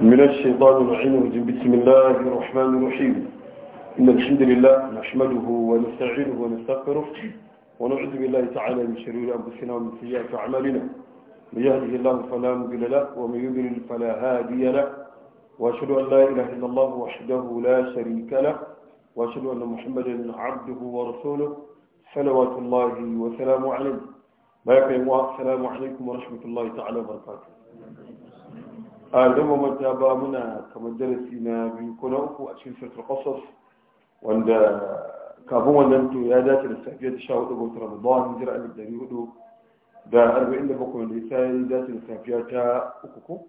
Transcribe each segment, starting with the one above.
من الشيطان الرجيم بسم الله الرحمن الرحيم إن الحمد لله نحمده ونستعينه ونستغفره ونعوذ بالله تعالى من شرور أنفسنا ومن سيئات أعمالنا من يهده الله فلا مضل له ومن يضلل فلا هادي له وأشهد أن لا إله إلا الله وحده لا شريك له وأشهد أن محمدا عبده ورسوله صلوات الله وسلامه عليه ما السلام عليكم ورحمة الله تعالى وبركاته a gama mata ba muna kamar darasi na biyu ko na uku a cikin sirtar ƙasas wanda kafin wannan to ya dace da safiya ta sha hudu ga wata ramadan jira alif dari hudu da arba'in da bakwai da ita ya dace da safiya ta uku ko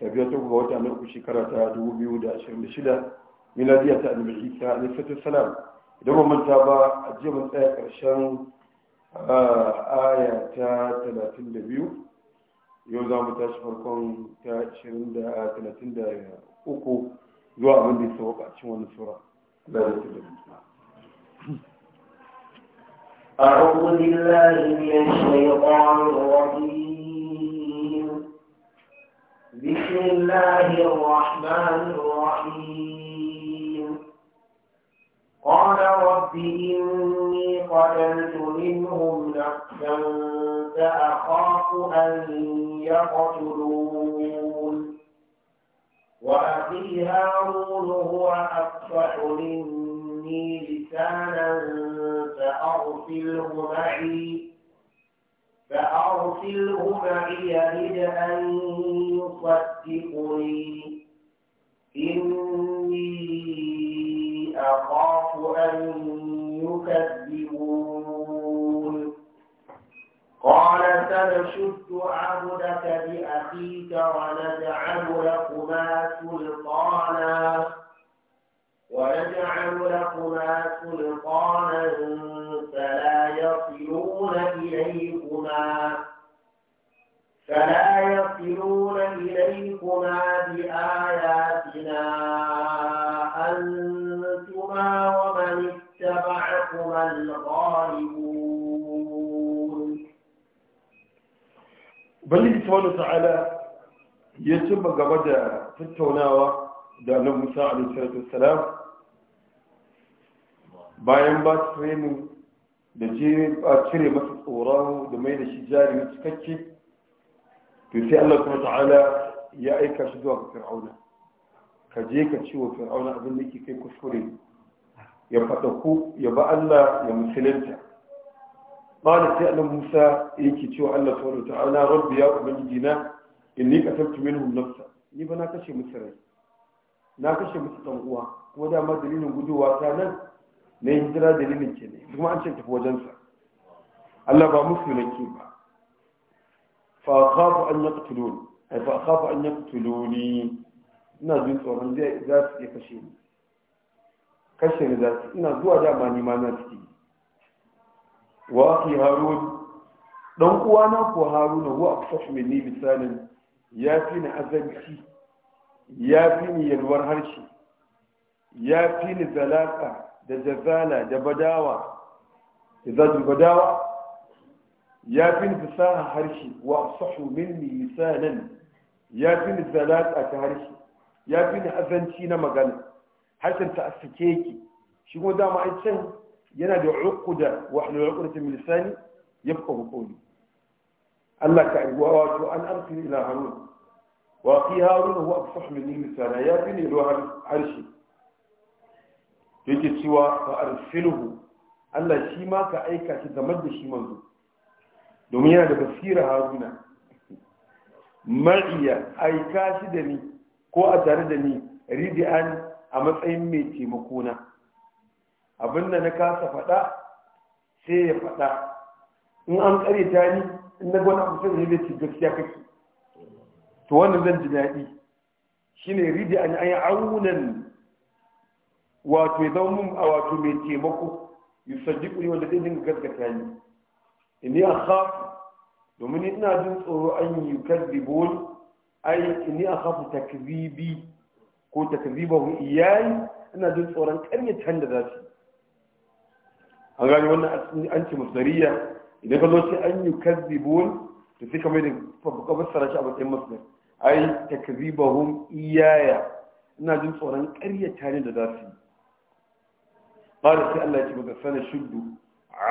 safiya ta uku ga wata na uku shekara ta dubu biyu da ashirin da shida miladiya ta annabi isa alaihi salam idan ba manta ba a jiya mun tsaya karshen ah, aya ta talatin da biyu yau za mu tashi farkon ta 33 zuwa abin da ya sauka a cikin wani sura ya أعوذ بالله من الشيطان الرجيم بسم الله الرحمن الرحيم قال رب إني قتلت منهم نفسا فأخاف أن يقتلون وأخي هارون هو أفصح مني لسانا فأرسله معي فأرسله معي رد أن يصدقني إني أخاف أن يكذب نشد عبدك بأخيك ونجعل لكما سلطانا ونجعل لكما سلطانا فلا يصلون إليكما فلا يصلون إليكما بآياتنا أنتما ومن اتبعكما الغالبون ubangiji subhanahu ta'ala ya ci gaba da tattaunawa da annabi Musa alaihi bayan ba su training da cire masa tsoron da mai da shi jari cikakke to sai Allah subhanahu ta'ala ya aika shi zuwa ga fir'auna ka je ka ci wa fir'auna abin da yake kai kuskure ya faɗa ku ya ba Allah ya musulunta قال سأل موسى إيكي تشوى الله سبحانه وتعالى ربي يا أبنجينا إني قتلت منهم نفسا ni ba na kashe musu rai na kashe musu ɗan uwa kuma dama dalilin guduwa ta nan na hijira dalilin ke kuma an ce tafi wajensa Allah ba musu nake ba fa khafu an yaqtuluni ay fa khafu an yaqtuluni ina jin tsoron zai za iya kashe ni kashe ni za su ina zuwa dama ni ma na ciki wa akhi harun dan uwana ko haruna wa afsahu minni lisanan ya fi ni azanci ya fi ni yalwar harshe ya fi ni zalaka da jazala da badawa izajin badawa ya fi ni fasaha harshe wa afsahu minni lisanan ya fi ni zalaka ta harshe ya fi ni azanci na magana harshen ta asike yake shi kuma dama ai can yana da uquda wa ahlu uqdati min lisani yafqahu qawli Allah ka wa wato an arsil ila harun wa fi harun huwa afsah minni lisana ya fi ne ruwa harshe yake cewa fa arsiluhu Allah shi ma ka aika shi zamar da shi manzo domin yana da basira haruna ma'iya aika shi da ni ko a tare da ni ridi'an a matsayin mai taimakona abinda na kasa faɗa sai ya faɗa in an ta ni in na gwana abu sai zai ci gaskiya kake to wannan zan ji daɗi shine ridi an ayi aunan wato ya zama mun a wato mai taimako yusaddiqu ni wanda zai dinga gaskata ni inni akhafu domin ina jin tsoro an yi kadibon ai inni akhafu takzibi ko takzibahu iyayi ina jin tsoron ƙaryatan da za su yi an gani wannan an ce masdariya idan ka zo sai an yi kazzibun to sai kamar da ka fassara shi a matsayin masdar ai takzibahum iyaya ina jin tsoron karya tare da za su yi da sai Allah ya ce maka sana shuddu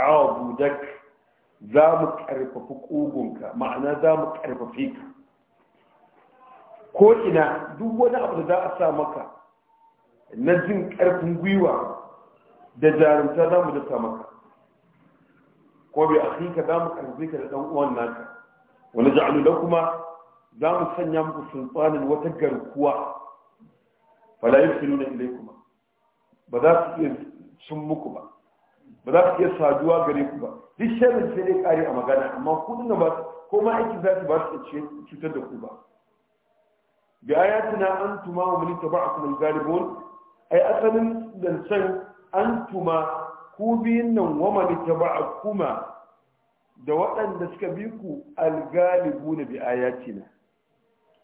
abudak za mu karfafi kogonka ma'ana za mu karfafe ka ko ina duk wani abu da za a sa maka na jin karfin gwiwa da jarumta za mu dasa maka ko bai akika za mu karbe ka da dan uwan naka wani ja'alu da kuma za mu sanya muku sultanin wata garkuwa nuna yusiluna kuma. ba za su iya sun muku ba ba za su iya saduwa gare ku ba duk shirin sai dai kare a magana amma ku dinga ba ko ma aiki za su ba su cutar da ku ba bi ayatina antuma wa man tabi'akum al-ghalibun ai asalin dan san antuma ku biyun nan wamani kuma da waɗanda suka bi ku algalibu na bi ayatina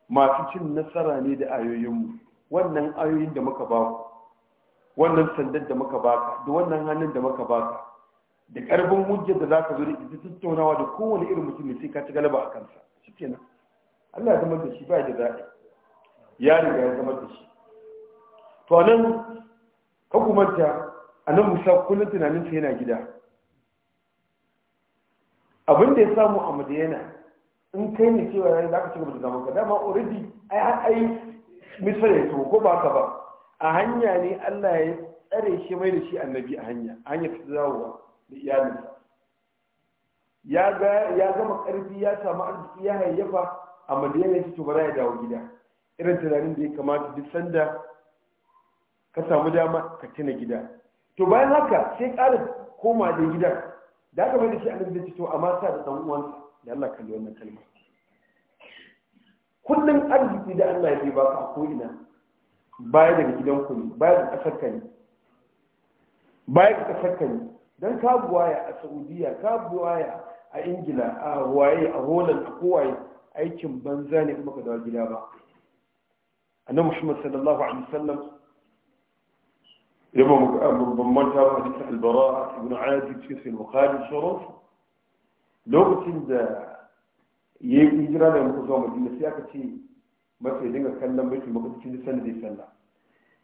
masu cin nasara ne da ayoyinmu wannan ayoyin da muka ba ku wannan sandar da muka baka da wannan hannun da muka baka da ƙarfin hujjar da za ka zo da ita tattaunawa da kowane irin mutum ne sai ka ci galaba a kansa shikenan Allah ya zama da shi ba da zaɓi ya riga ya zama da shi to nan ka ta. A annabi musa kullum tunanin tunaninsa yana gida abin da ya samu a madiyana in kai ne cewa yayin da aka ci gaba da zaman ka dama already ai ai misra ya so ko ba ka ba a hanya ne Allah ya tsare shi mai da shi annabi a hanya a hanya ta zawo da iyalinsa ya gama karfi ya samu arziki ya hayyafa a madiyana ya ci to bara ya dawo gida irin tunanin da ya kamata duk sanda ka samu dama ka tuna gida to bayan haka sai ƙarin koma da gidan da aka mai da shi annabi da to amma sa da dan uwansa da Allah kalli wannan kalma kullum arziki da Allah ya ba ka ko ina baya daga gidan ku ne baya daga kasar ka ne baya da kasar ka ne dan ka buwaya a Saudiya ka buwaya a Ingila a waye a Holland a kowaye aikin banza ne kuma ka dawo gida ba annabi Muhammad sallallahu alaihi wasallam يوم من تابع حديث البراءة بن عازب في البخاري الشرف lokacin da ya yi hijira da muka zuwa madina sai aka ce masa ya dinga kallon baitul maqdis duk sanda zai sallah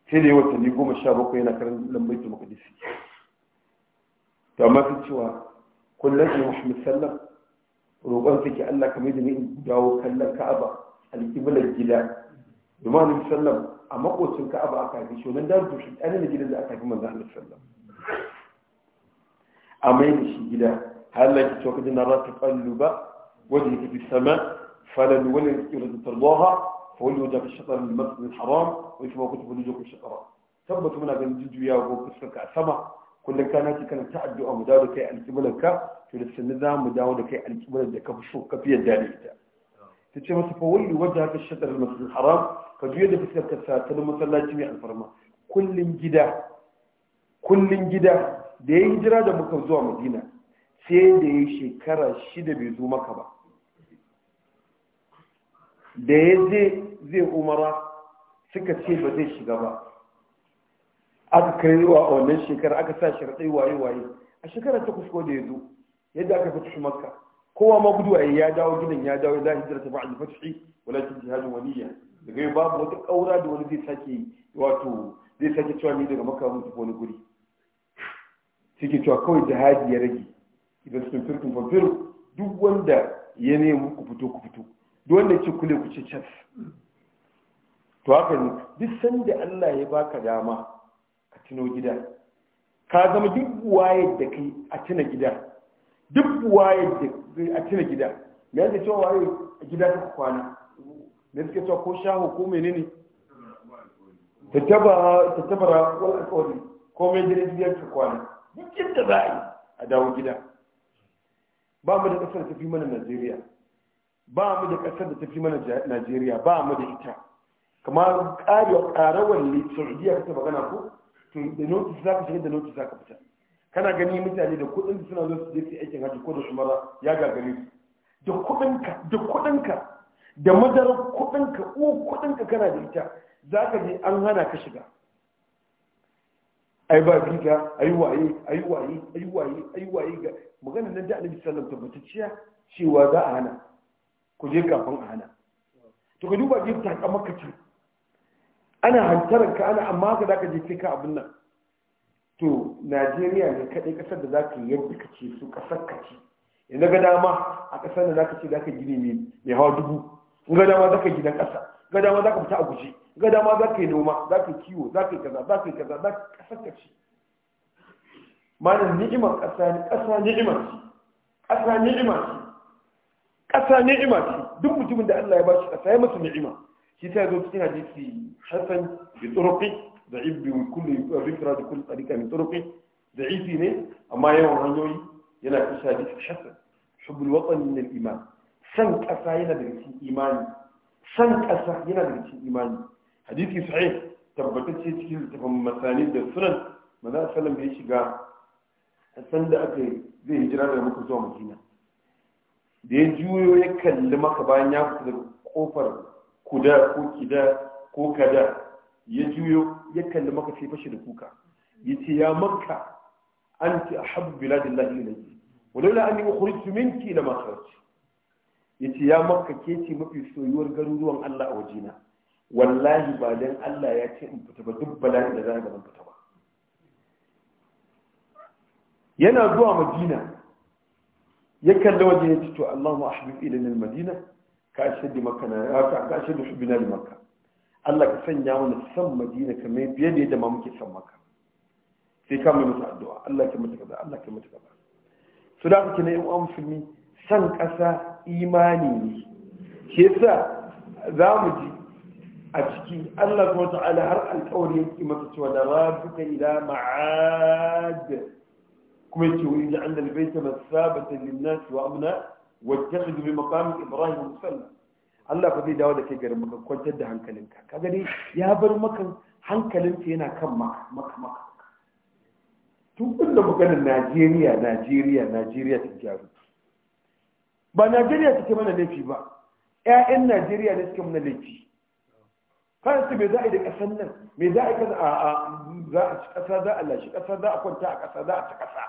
sai da ya goma sha bakwai yana kallon baitul maqdis to amma sai cewa kullum ne muhammad roƙon sa ke Allah kamar da ni in dawo kallon ka'aba al gida domin a makocin ka'aba aka haife shi wannan daru shi ɗan da gidan da aka haifi manzo Allah sallallahu a mai da shi gida har la ki tokadi na rata qalluba wajhi ka fi sama falan wala yuridu tardaha fa wala wajha shatr al masjid al haram wa kama kuntu wujuhu shatra tabbatu muna ganin jujjuya ko fuskarka a sama kullum kana ci kana ta addu'a mu dawo da kai alƙiblar ka to da sanni za mu dawo da kai alƙiblar da ka fi so ka fi yadda da ita ta ce masa fa wali wajha ka shatr al masjid al haram ka juya da fuskar ka satar masallaci mai alfarma kullun gida kullun gida da ya hijira da muka zuwa madina sai da ya shekara shida bai zo maka ba da ya je zai umara suka ce ba zai shiga ba aka kai wa wannan shekara aka sa sharaɗai waye-waye a shekara ta kusko da ya zo yadda aka fito maka. kowa ma gudu a ya dawo gidan ya dawo ya za hijira ta ba'al fatihi walakin jihadin waliya daga yau babu wata ƙaura da wani zai sake wato zai sake cewa ni daga maka mutu wani guri suke cewa kawai jihadi ya rage idan sun firkin fafir duk wanda ya nemi ku fito ku fito duk wanda ce kule ku ce cas to haka ne duk sanda Allah ya baka dama ka tuno gida ka zama duk wayar da kai a tuna gida duk wayar da kai a tuna gida me yadda cewa wayar a gida ta kwana da suke cewa ko shahu ko menene tattabara wal alƙawari ko mai jirin biyar ka kwana duk yadda za a yi a dawo gida ba mu da ƙasar da ta fi mana najeriya ba mu da ƙasar da ta fi mana najeriya ba mu da ita kamar ƙarewa ƙarawar saudiya kasa gana ko to da notis za ka shiga da notis za ka fita kana gani mutane da kuɗin suna zo su je su aikin hajji ko da umara ya gagare su da kuɗinka da kuɗinka da madarar kudinka u kudinka kana da ita za ka je an hana ka shiga ai ba bika ai waye ai waye ai waye ai waye ga magana nan da annabi sallallahu alaihi wasallam tabbatacciya cewa za a hana ku je kafin a hana to ka duba jin ka maka ce ana hantarar ka ana amma ka zaka je kai ka abin nan to Najeriya ne kadai kasar da zaka yi yadda kace su kasar kace yanzu ga dama a kasar da zaka ce zaka gini ne mai hawa dubu ga dama za ka yi gidan ƙasa ga dama za ka fita a guje ga dama za ka yi noma za ka yi kiwo za ka yi kaza za ka yi kaza za ka ƙasar ka ci ma'anar ni'imar ƙasa ne ƙasa ni'imar ce ƙasa ni'imar ce ƙasa ni'ima ce duk mutumin da Allah ya ba shi ƙasa ya masa ni'ima shi ta zo cikin hadisi hasan bi turuqi da ibbi kullu rifra da kullu tsarika min turuqi da ifi ne amma yawan hanyoyi yana kashe hadisi hasan hubbul watan min al-iman san ƙasa yana da cikin imani san ƙasa yana daga cikin imani hadisi sahih tabbatacce cikin littafin masani da sunan maza sallam ya shiga san da aka zai hijira da muka zuwa madina da ya juyo ya kalli maka bayan ya fita daga kofar kuda ko kida ko kada ya juyo ya kalli maka sai fashi da kuka ya ce ya maka an ce a habu biladin lahi ilaji walaula an ukhrijtu minki ila yace ya makka ke ce mafi soyuwar garuruwan Allah a wajena wallahi ba dan Allah ya ce in fita ba duk bala'in da za ga ban fita ba yana zuwa madina ya kalla waje ya ce to Allahumma ahbib ilayna al-madina ka shaddi makana ka shaddi hubbina li makka Allah ka sanya mana san madina kamar biye da yadda ma muke san maka sai ka mai masa addu'a Allah ka mata kaza Allah ka mata kaza su da kuke ne yan uwan musulmi san ƙasa. imani ne shi yasa za mu ji a ciki Allah kuma ta'ala har alƙawari yake masa cewa da rabbuka ila ma'ad kuma yake wuri da annal baita masabatan lin-nas wa amna wattakhidhu min maqam ibrahim musalla Allah fa zai dawo da kai garin maka kwantar da hankalinka ka gani ya bar maka hankalinka yana kan maka maka maka tun da maganar Najeriya Najeriya Najeriya ta gyaru ba najeriya suke mana laifi ba 'ya'yan najeriya ne suke mana laifi kan su me za a yi da ƙasar nan me za a yi kaza a za a ci ƙasa za a lashe ƙasa za a kwanta a ƙasa za a ci ƙasa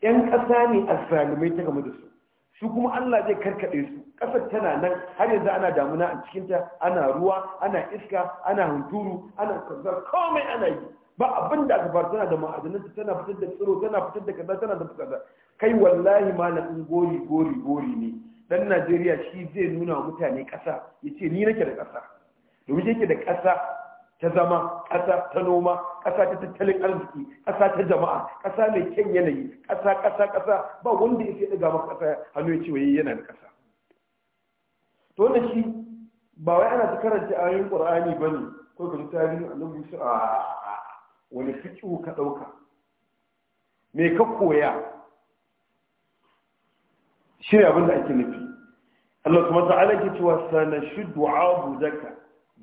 ƴan ƙasa ne a zalimai ta game da su su kuma Allah zai karkaɗe su ƙasar tana nan har yanzu ana damuna a cikinta ana ruwa ana iska ana hunturu ana kaza komai ana yi ba abin da aka fara tana da ma'adanin tana fitar da tsiro tana fitar da kaza tana da kaza kai wallahi malamin gori gori gori ne dan Najeriya shi zai nuna wa mutane ƙasa yace ni nake da ƙasa domin yake da kasa ta zama ƙasa ta noma ƙasa ta tattalin arziki ƙasa ta jama'a kasa mai kyan yanayi kasa ƙasa ƙasa ba wanda yake daga maka ƙasa hannu ya ce wai yana da kasa to wannan shi ba wai ana ta karanta ayoyin Qur'ani bane ko ka tarihin annabi a wani fiƙi ka ɗauka me ka koya shi ne abin da ake nufi Allah kuma ta alaƙi cewa sana shi du'a zaka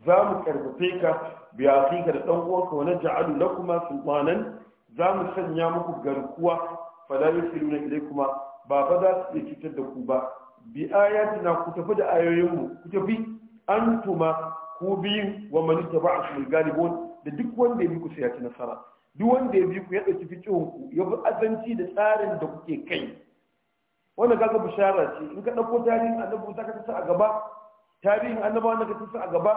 za mu ƙarfafe ka biya ka da ɗan uwanka wani ja'alu na kuma sulmanan za mu sanya muku garkuwa na yusiruna kuma ba fa za su iya cutar da ku ba bi na ku tafi da ayoyinmu ku tafi an tuma ku biyin wa man tabi'akum galibon da duk wanda ya bi ku sai ya nasara duk wanda ya bi ku ya ɗauki fikihun ku ya bi azanci da tsarin da kuke kai wannan kaga bishara ce in ka ɗauko tarihin annabi za ka tasa a gaba tarihin annabi wanda ka tasa a gaba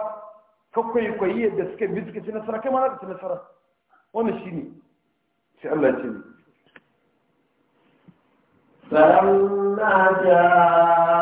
ka kwaikwayi yadda suka bi suka ci nasara kai ma za ka ci nasara wannan shine sai Allah ya ce ne. فلما جاء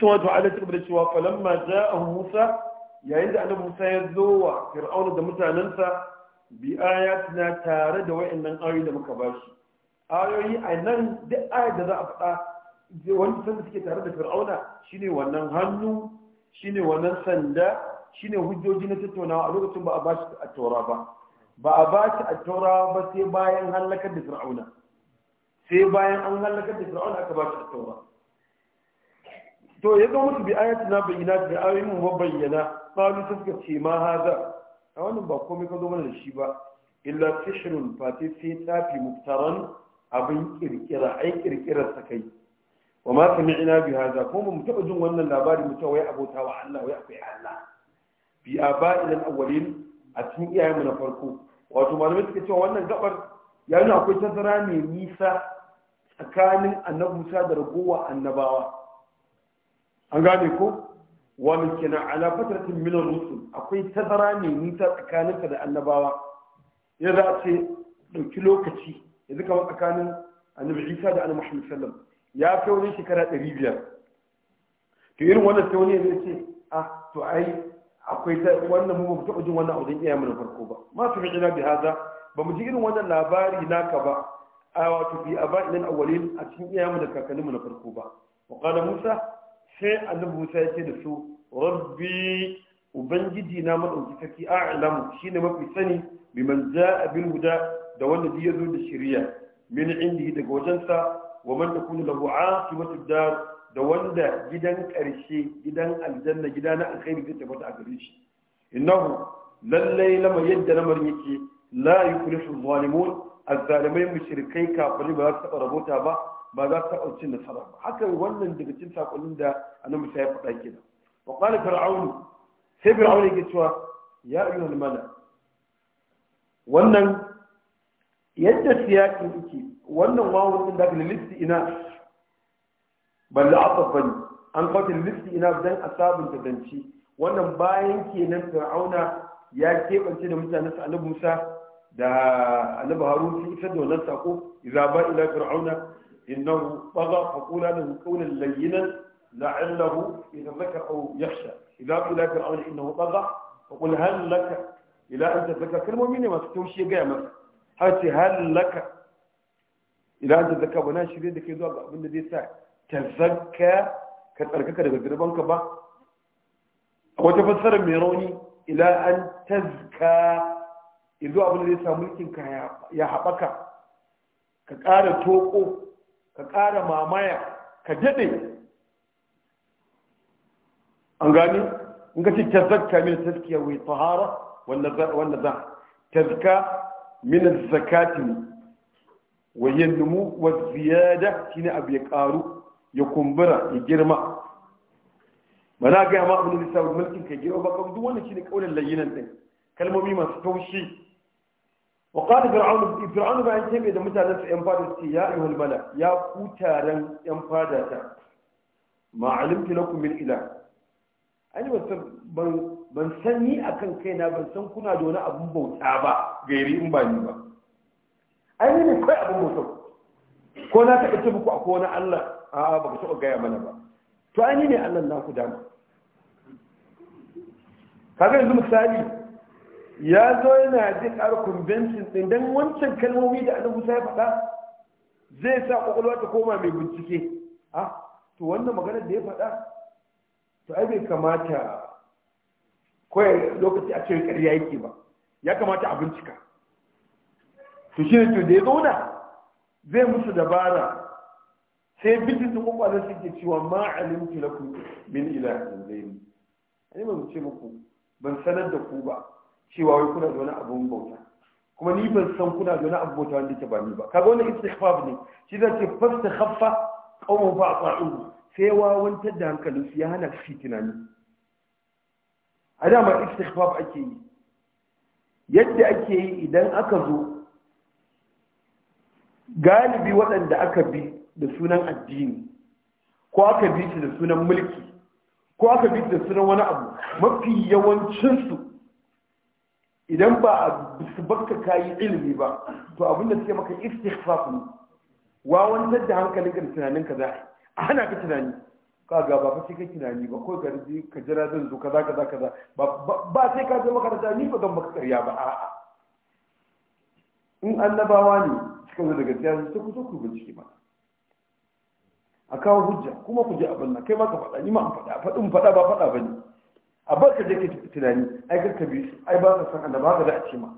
hadisin wato ala ta da cewa falamma ja'a Musa yayin da annabi Musa ya zo wa Fir'aun da mutanensa bi ayatina tare da wayannan ayoyi da muka bashi ayoyi a nan duk ayat da za a faɗa wani san suke tare da Fir'auna shine wannan hannu shine wannan sanda shine hujjoji na tattaunawa a lokacin ba a bashi a taura ba ba a bashi a taura ba sai bayan halakar da Fir'auna sai bayan an halakar da Fir'auna aka bashi a taura to ya zo musu bi ayatina bayyana da ayoyin mu bayyana qalu suka ce ma haza. a wannan ba komai ka zo mana da shi ba illa tishrun fati sai tafi muftaran abin kirkira ai kirkirar sa kai wa ma sami'na bi haza. ko mu taba jin wannan labari mu wai abota wa Allah wai akwai Allah bi aba'il al-awwalin a cikin iyayen mu na farko wato malamai suka cewa wannan gabar ya nuna akwai tazara mai nisa tsakanin annabi Musa da ragowa annabawa an gane ko wa wani kina ala fatratin min rusul akwai tazara ne ni ta tsakaninka da annabawa ya za a ce ɗauki lokaci yanzu kamar tsakanin annabi isa da annabi muhammad sallam ya kai wani shekara ɗari biyar to irin wannan sai wani ya ce ah to ai akwai ta wannan mu ba taɓa jin wannan abu zan iya mana farko ba ma su fi'ina bi haza ba mu ji irin wannan labari naka ba a wato bi aba'ilal awwalin a cikin iyayenmu da kakanninmu na farko ba wa qala musa sai annabi Musa ya ce da su rabbi ubangiji na madauki sarki a'lamu shine mafi sani bi man a bil huda da wanda ya zo da shirya. min indihi daga wajensa wa man takunu lahu aqibatu dar da wanda gidan karshe gidan aljanna gida na alkhairi zai tabbata a gare shi innahu lallai lama yadda lamarin yake la yuflihu zalimun azzalimai mushrikai kafirai ba za su taɓa rabota ba ba za ta taɓa nasara ba haka wannan daga cin saƙonin da annabi ya faɗa kenan wa qala fir'aun sai fir'aun yake cewa ya al mala wannan yadda siyaki yake wannan wawo din da listi ina balla asafani an kwata listi ina dan asabun danci wannan bayan kenan fir'auna ya keɓance da mutanen sa annabi Musa da annabi Harun sai isar da wannan sako idza ba ila fir'auna إنه طغى فقولا له قولا لينا لعله يتذكر أو يخشى إذا قيل لك الأمر إنه طغى فقل هل لك إلى أن تتذكر المؤمن ما تتوشي قيامك حتى هل لك إلى أن تتذكر وانا شريد لك يزوى من الذي ساعة تذكى كتركك لغربانك با وتفسر ميروني إلى أن تذكى إذو أبن الذي ساملك يا حبك ka ƙara toƙo ka ƙara mamaya ka daɗe an gani in ka ce tazakka min tazkiya wai tahara wanda za tazka min zakati wa yanmu wa ziyada shine abu ya ƙaru, ya kumbura ya girma mana gaya ma abin da sai mulkin ka girma ba duk wannan ne kaulan layyinan ɗin. kalmomi masu taushi وقال فرعون فرعون bayan tebe da mutanen su yan fada ce ya ayyuhal mala ya ku taron yan fada ta ma alimtu lakum min ilah ani ban ban san ni akan kaina ban san kuna da wani abun bauta ba gairi in ba ni ba ne kai abun bauta ko na taɓa ce muku akwai wani Allah a ba ku taɓa gaya mana ba to ai ne Allah na ku Ka kaga yanzu misali ya zo yana jin ar convention din dan wancan kalmomi da annabi Musa ya faɗa zai sa kwakwalwa ta koma mai bincike ah to wannan maganar da ya faɗa to ai bai kamata kawai lokaci a cikin ƙarya yake ba ya kamata a bincika to shi ne to da ya zauna zai musu dabara sai bincin da suke cewa alimtu lakum min ilahin zaini ai ba mu ce muku ban sanar da ku ba cewa wai kuna da wani abun bauta kuma ni ban san kuna da wani abun bauta wanda yake ba ni ba kaga wannan istighfar ne shi da ce fasta khaffa qawmu fa ata'u sai wawantar da hankalin su ya hana su tunani a dama istighfar ake yi yadda ake yi idan aka zo galibi waɗanda aka bi da sunan addini ko aka bi shi da sunan mulki ko aka bi da sunan wani abu mafi yawancinsu idan ba a su baka yi ilimi ba to abin da suke maka istighfaf ne wawantar da hankalin ka da tunanin ka za a hana ka tunani ka ga ba fa sai ka tunani ba ko garji ka jira zan zo kaza kaza kaza ba sai ka zo makaranta ni ba zan maka karya ba a'a in annabawa ne suka zo daga siyasa sai ku zo ku bincike ba a kawo hujja kuma ku je abin nan kai ma ka faɗa ni ma an faɗa faɗin faɗa ba faɗa ba ne a bar ka je ka tunani ai ka ka bi ai ba ka san annabi haka da a ce ma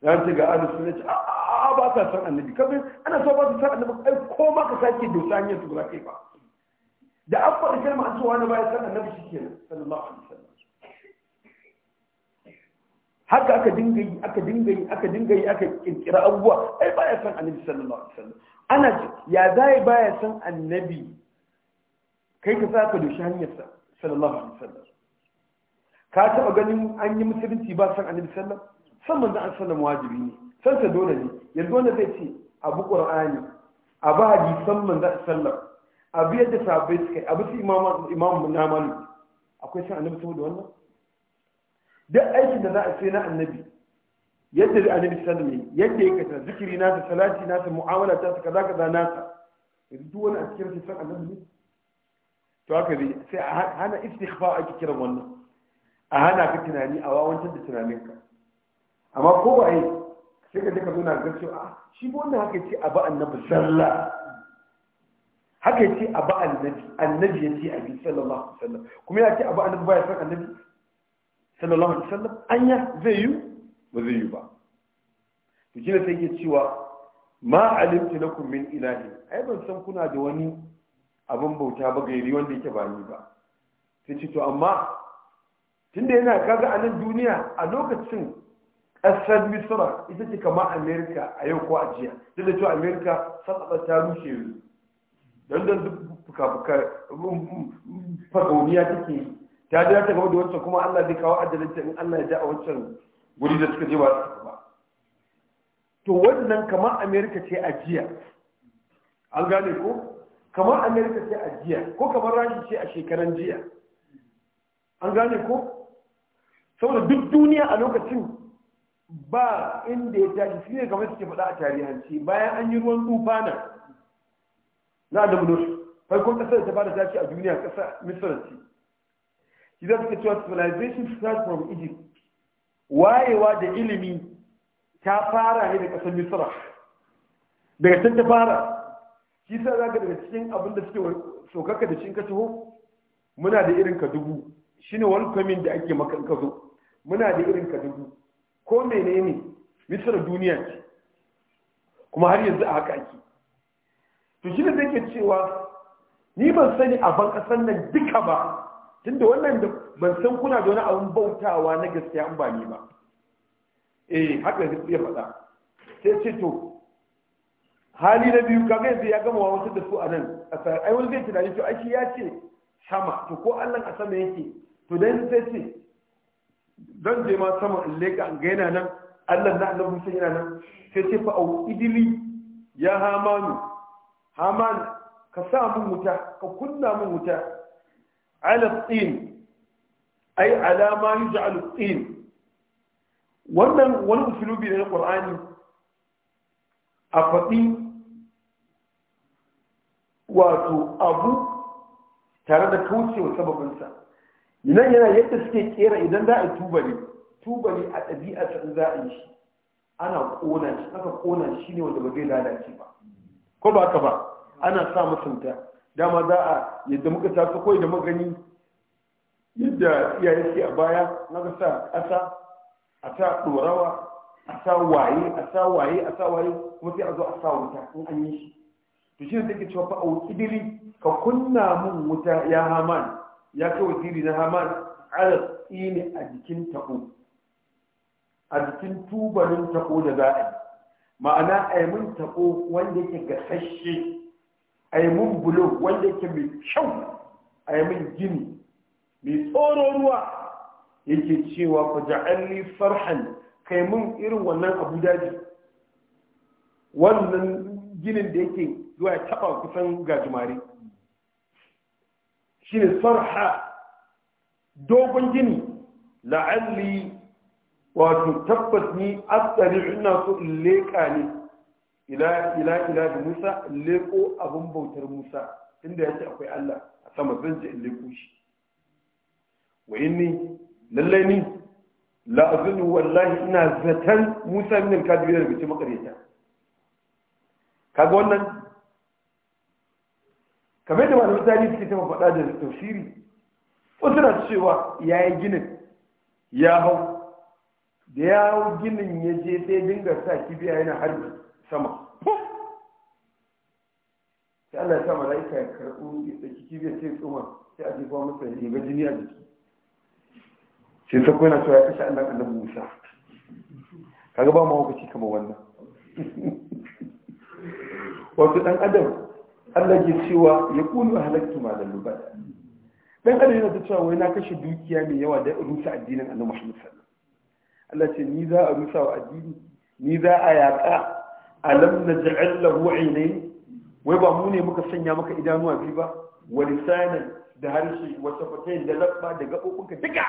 ya ce ga ahlus sun ce a ah, ah, ah, ba ka san annabi ka ana so ba ka san annabi ai ko ma ka sake dosa hanyar su ba kai ba da an faɗi kalma an cewa wani ba ya san annabi shikenan sallallahu alaihi wasallam haka aka dinga yi aka dinga yi aka dinga yi aka kirkira abubuwa ai baya san annabi sallallahu alaihi wasallam ana ya zai baya san annabi kai ka saka doshi hanyar sa sallallahu alaihi wasallam ka taba ganin an yi musulunci ba san annabi sallam san manzo an sallam wajibi ne san ta dole ne yanzu wanda zai ce abu qur'ani abu hadisan manzon sallam abu yadda da suka yi abu su imamu imamu na malu akwai san annabi saboda wannan duk aikin da za a sai na annabi yadda da annabi sallam ne yadda ya kasa zikiri na ta salati na ta mu'amala ta kaza kaza na ta duk wani a cikin san annabi ne to haka dai sai a hana istighfar ake kiran wannan a hana ka tunani a wawancin da tunaninka amma ko ba yi sai ka je ka zo na ga cewa ah, shi ba wannan haka ce a ba annabi sallah haka ce a ba annabi annabi ya ce a bi sallallahu alaihi wasallam kuma ya ce a ba annabi ba ya san annabi sallallahu alaihi wasallam anya zai yi ba zai yi ba to kina sai ke cewa ma alimtu lakum min ilahi ai ban san kuna da wani abin bauta ba gairi wanda yake ba ni ba sai ce to amma tunda yana kaga a nan duniya a lokacin ƙasar misira ita ce kama amerika a yau ko a jiya duk da cewa amerika sassa ta rushe yi don don duk fuka-fuka mm, mm, fagauniya take yi ta jira ta gaba da wancan kuma allah zai kawo ta in allah ya ja a wancan guri da suka je ba su ba to wannan kama amerika ce a jiya an gane ko kamar amerika ce a jiya ko kamar rashi ce a shekaran jiya an gane ko saboda duk duniya a lokacin ba inda ya tashi shi ne kamar suke faɗa a tarihanci bayan an yi ruwan tufana na da bulus farkon ƙasar da ta fara tashi a duniya ƙasa misalci ce shi za su ke cewa civilization starts from egypt wayewa da ilimi ta fara ne da ƙasar misira daga can ta fara shi sa za ka daga cikin abin da suke da shi ka taho muna da irin ka dubu Shi ne welcoming da ake maka ka zo muna da irin ka dubu ko menene misir duniya ce kuma har yanzu a haka ake to shi da ke cewa ni ban sani a ban kasan nan duka ba tunda wannan da ban san kuna da wani abin bautawa na gaskiya an ba ni ba eh haka ya faɗa sai ce to hali na biyu kaga yanzu ya gama wasu da su a nan ai wani zai tunani to ai ya ce sama to ko allon a sama yake to dan sai ce zan je ma sama in leka an ga yana nan Allah na Allah musa yana nan sai ce fa au idili ya hamanu haman ka sa mun wuta ka kunna mun wuta ala tsin ai ala ma yuj'al tsin wannan wani usulubi ne na Qur'ani a faɗi wato abu tare da kaucewa sababinsa nan yana yadda suke kera idan za a tuba ne tuba ne a ɗabi'a ta za a yi shi ana ƙona shi aka ƙona shi ne wanda ba zai lalace ba ko ba ka ba ana sa mutunta dama za a yadda muka taso ko da magani yadda iyaye ke a baya na ga sa ƙasa a sa ɗorawa a sa waye a sa waye a sa waye kuma sai a zo a sa wuta in an yi shi to shi ne take cewa fa auki dili ka kunna mun wuta ya haman ya kai wasiri na haman ala tsini a jikin tabo a jikin tubalin tabo da za a yi ma'ana a yi mun tabo wanda yake gasashe a yi mun bulo wanda yake mai kyau a yi mun gini mai tsoro ruwa yake cewa fa ja'alni farhan kai mun irin wannan abu daji wannan ginin da yake zuwa ya taba kusan gajimare shine sarha dogon gini la'alli wato tabbas ni asari ina so in leƙa ne ila ila da musa in leƙo abin bautar musa inda ya ce akwai allah a sama zan je in leƙo shi wa inni lallai ni la'azinu wallahi ina zaton musa min kadibiyar bice makaryata kaga wannan kamar da wani tarihi suke taba faɗa da tausiri. wasu suna cewa ya yi ginin ya hau da ya hau ginin ya je sai dinga sa kibiya yana harbi sama sai Allah ya sa mala'ika ya karɓo ya tsaki kibiyar sai tsoma sai a jefa masa ya ga jini a jiki sai sako yana cewa ya kashe Allah annabi Musa kaga ba ma shi kamar wannan wato dan adam Allah ke cewa ya kulu halaktu ma da ba dan kada yana ta cewa wai na kashe dukiya mai yawa da rusa addinin Annabi Muhammad sallallahu Allah ce ni za a rusa wa addini ni za a yaƙa alam naj'al lahu aynayn wai ba mu ne muka sanya maka idanuwa biyu ba Wani lisanan da harshe wa safatain da labba da gabobinka duka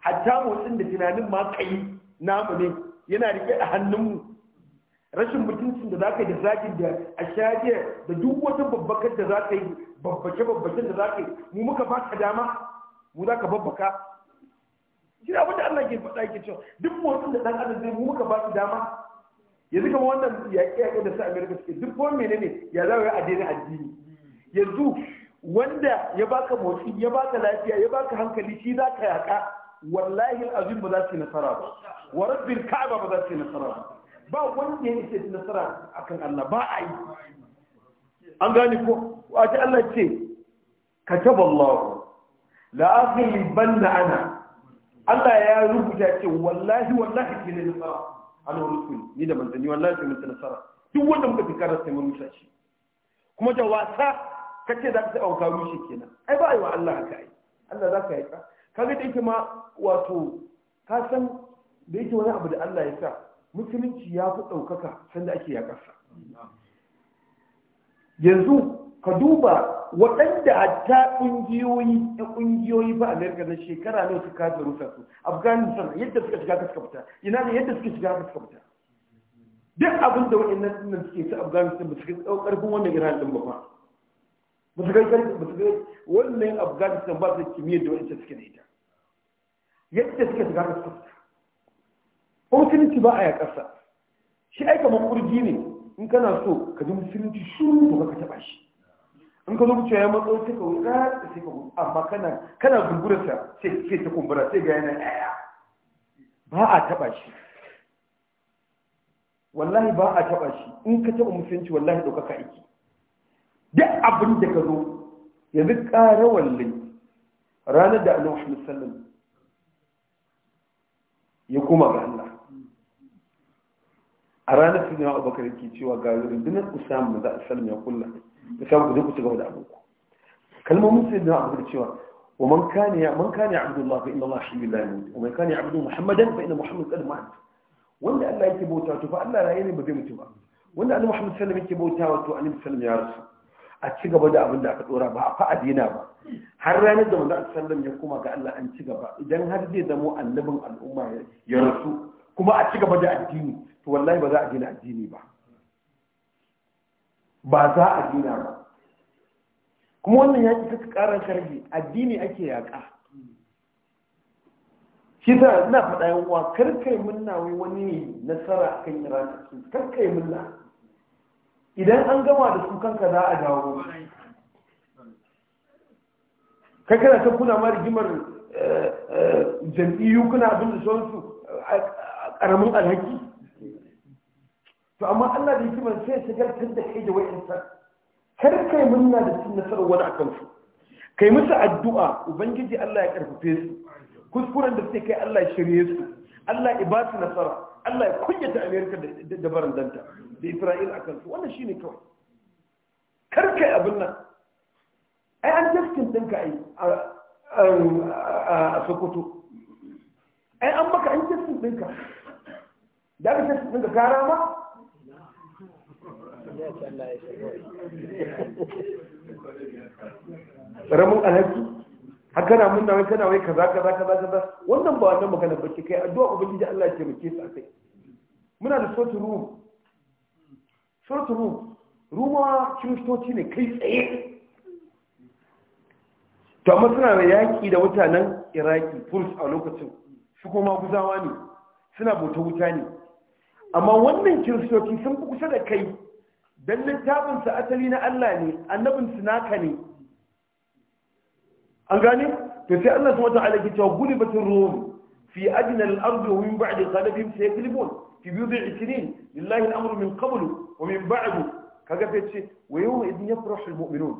hatta motsin da tunanin ma kai namu ne yana rike a hannunmu rashin mutuncin da za ka yi da zakin da a shaje da duk wata babbakar da za ka yi babbace babbacin da za ka yi mu muka ba ka dama mu za ka babbaka kira da Allah ke faɗa ke cewa duk motsin da ɗan adam zai mu muka ba su dama yanzu kama wannan yaƙe yaƙe da su Amerika suke duk wani menene ya zawo ya addini addini yanzu wanda ya baka motsi ya baka lafiya ya baka hankali shi za ka yaƙa wallahi azim ba za su yi nasara ba wa rabbil ka'aba ba za su yi nasara ba ba wanda ya ce nasara akan Allah ba a yi an gane ko a ce Allah ce ka taba Allah la'afin ban da ana Allah ya rubuta ce wallahi wallahi ke ne nasara wani rusul ni da manzanni wallahi ke mutu nasara duk wanda muka fi karar sai mun rushe shi kuma da wasa kace za ka sauka ka rushe kenan ai ba yi wa Allah haka ai Allah za ka yi ka ga da yake ma wato ka san da yake wani abu da Allah ya sa musulunci ya fi ɗaukaka sanda ake ya ƙasa. yanzu ka duba waɗanda a ta ƙungiyoyi ta ƙungiyoyi ba amerika na shekara ne suka da rusa su afghanistan yadda suka shiga suka fita ina ne yadda suka shiga suka fita duk abin da waɗannan ɗinnan suke su afghanistan ba su ga ƙarfin wannan iran ɗin ba ba ba su ƙarfin ba su kai wannan afghanistan ba su kimiyyar da waɗanda suke da ita yadda suka shiga suka fita ko musulunci ba a ya ƙasa shi aika makurji ne in kana so ka ji musulunci shuru ba ka taɓa shi in ka zo wuce ya matso sai ka wuce sai ka wuce amma kana kana gungurarsa sai ke ta kumbura sai ga yana ɗaya ba a taɓa shi wallahi ba a taɓa shi in ka taɓa musulunci wallahi ɗaukaka aiki duk abin da ka zo yanzu ƙara wallai ranar da annabi sallallahu alaihi wasallam ya koma ga Allah a ranar sun yawa abubakar yake cewa ga rundunar usama na za a sallam ya kulla da samu ku je ku ci gaba da aboku kalmomin sai da abubakar cewa wa man kani ya man kana ya abdullah fa inna allah shi billahi wa man kani ya abdu muhammadan fa inna muhammad qad ma'at wanda allah yake bauta to fa allah raye ne ba zai mutu ba wanda annabi muhammad sallallahu alaihi wasallam yake bauta to annabi sallallahu ya rasu a ci gaba da abin da aka dora ba a fa adina ba har ranar da manzo sallallahu ya koma ga allah an ci gaba idan har zai zamo annabin al'umma ya rasu kuma a ci gaba da addini to wallahi ba za a gina addini ba ba za a gina ba kuma wannan yaki kaka ƙara karfi addini ake yaƙa shi ta ina faɗa yin uwa karkai munna wai wani ne nasara a kan su karkai munna idan an gama da su kanka za a dawo kai kana ta kuna ma rigimar eh, eh, jam'iyyu kuna abin da sauransu a ƙaramin alhaki to amma Allah da hikimar sai ya shagaltar da kai da wa'insa kar kai munna da cin nasarar wani akan su kai musu addu'a ubangiji Allah ya karfafe su kuskuren da sai kai Allah ya shirye su Allah ya ba su nasara Allah ya kunyata Amerika da barin danta da Isra'il akan su wannan shine kawai kar kai abin nan ai an jaskin ɗinka ai a Sokoto ai an maka an jaskin ɗinka da ka jaskin ɗinka ka rama Ramu alhaji har kana mun da kana wai kaza kaza kaza kaza wannan ba wannan magana ba ce kai addu'a ubangiji Allah ya taimake su akai muna da short room short room ruma kiristoci ne kai tsaye to amma suna da yaƙi da mutanen iraki furs a lokacin su kuma guzawa ne suna bauta wuta ne amma wannan kiristoci sun fi kusa da kai dan littafin sa asali na Allah ne annabin su naka ne an gane to sai Allah subhanahu wa ta'ala ke cewa gulibatir rum fi adna al-ard wa min ba'di ghalabihim sayaglibun fi bid'i sinin lillahi al-amru min qablu wa min ba'du kaga sai ce wa yau yawma idin yafrahu al-mu'minun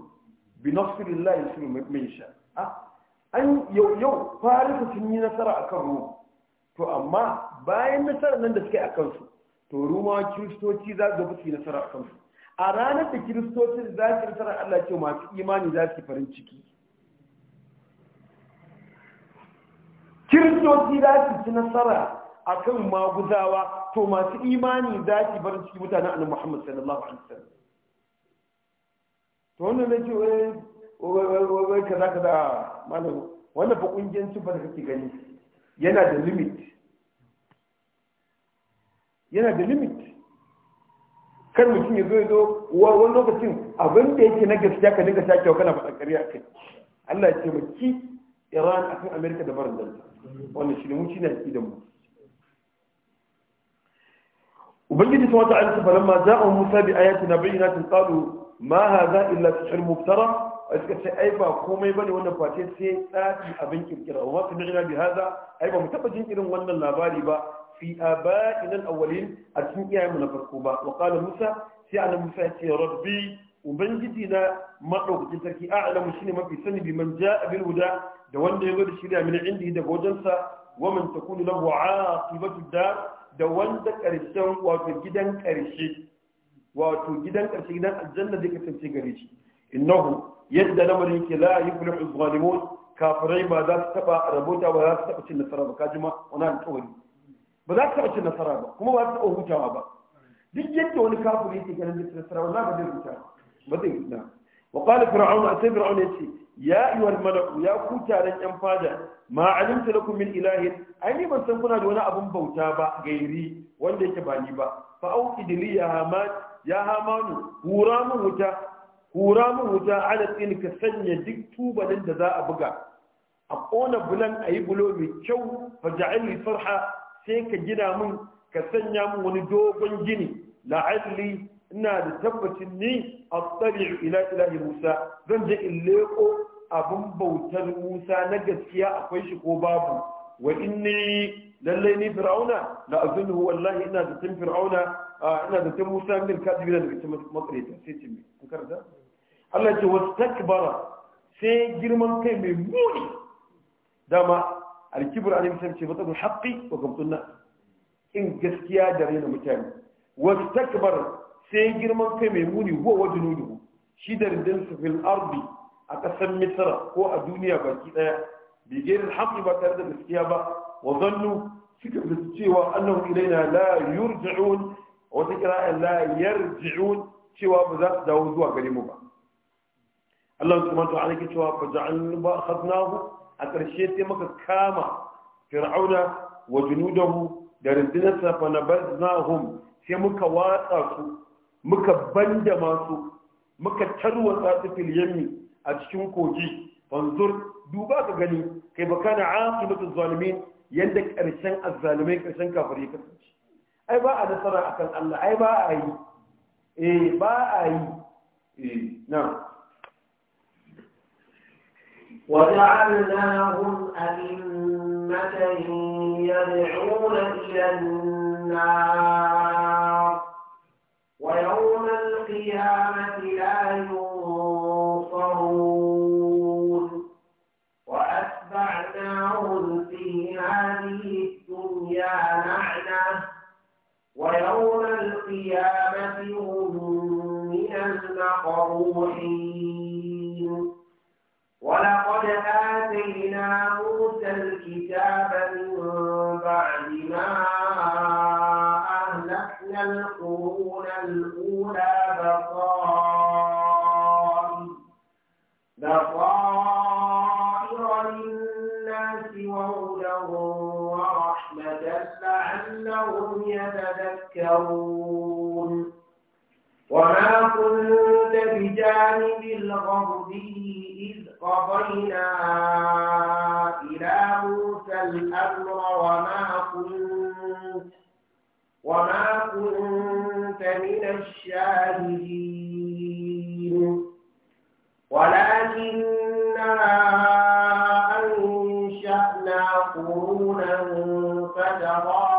bi lillahi yusri man yasha ah, an yau yau farisa sun yi nasara a kan rum to amma bayan nasarar nan da suke a kansu to rumawa kiristoci za su fi nasara a kansu a ranar da kiristocin za su yi tsarar Allah ce masu imani za su farin ciki kiristoci za su ci nasara a kan maguzawa to masu imani za su farin ciki mutanen annabi Muhammad sallallahu alaihi wasallam to wannan ne ce wai wai kaza kaza malam wannan fa kungiyar tufa da kake gani yana da limit yana da limit kar mutum ya zo ya zo wani lokacin abin da yake na gaskiya ka dinga sake kana faɗa ƙarya kai Allah ya ce mu ki Iran akan Amerika da barin danta wannan shi ne mu shi ne da mu ubangiji sun wata alisa falon za a musa bi ayati na bayyana tun tsalu ma ha za illa su muftara ce ai ba komai bane wannan face sai tsafi abin kirkira wa ma nuna bi haza ai ba mu taba jin irin wannan labari ba fi aba'ina al-awwalin a cikin iyayenmu na farko ba wa musa sai ana musa ya ce rabbi ubangiji na madaukakin sarki a'lamu shine mafi sani bi man ja'a bil huda da wanda ya zo da shirya min indi daga wajensa wa man takunu lahu aqibatu dar da wanda karshen wato gidan karshe wato gidan karshe gidan aljanna zai kasance gare shi innahu yadda lamarin yake la yuflihu zalimun kafirai ba za su taba rabota ba za su taba cin nasara ba kajima wani alƙawari ba za ka taɓa nasara ba kuma ba za ka hutawa ba duk yadda wani kafiri yake ganin duk nasara ba zai huta ba zai huta wa qala fir'auna sai fir'auna yace ya ayyuhal mala'u ya kuta ran yan fada ma alimtu lakum min ilahin ai ni ban san kuna da wani abun bauta ba gairi wanda yake ba ni ba fa auqidli ya hamat ya hamanu hura mu huta, hura mu wuta ala tin ka sanya duk tubalin da za a buga a kona bulan ayi bulo mai kyau fa ja'alni farha. sai ka gina min ka sanya min wani dogon gini la'alli ina da tabbacin ni a tsari ila ilahi musa zan je in leko abin bautar musa na gaskiya akwai shi ko babu wa inni lallai ni fir'auna la azunhu wallahi ina da tin fir'auna ina da tin musa min kadibi da cikin makareta sai ce me kun karanta Allah ce wastakbara sai girman kai mai muni dama alkibir alim sai ce matsalul haƙi wa gamtunna in gaskiya da raina mutane wasu takbar sai girman kai mai muni huwa wa junuduhu shi da rindansu fil ardi a ƙasar misra ko a duniya baki ɗaya bai gairin haƙi ba tare da gaskiya ba wa zannu suka fi cewa annahu ilaina la yurji'un wata kira'a la yarji'un cewa ba za su dawo zuwa gare mu ba Allah subhanahu wa ta'ala ke cewa ba a ƙarshe sai muka kama fir'auna wa junudahu da rundunarsa fa nabaznahum sai muka watsa su muka banda masu muka tarwatsa su fil yammi a cikin kogi fanzur duba ka gani kai ba kana aqibatu zalimin yanda ƙarshen azzalimai ƙarshen kafirai ya kasance ai ba a nasara akan Allah ai ba a yi eh ba a yi eh na'am وجعلناهم أئمة يدعون إلى النار يعلمون وما كنت بجانب الغربي إذ قضينا إلى موسى الأمر وما كنت وما كنت من الشاهدين ولكننا أنشأنا قرونا فتضاعفت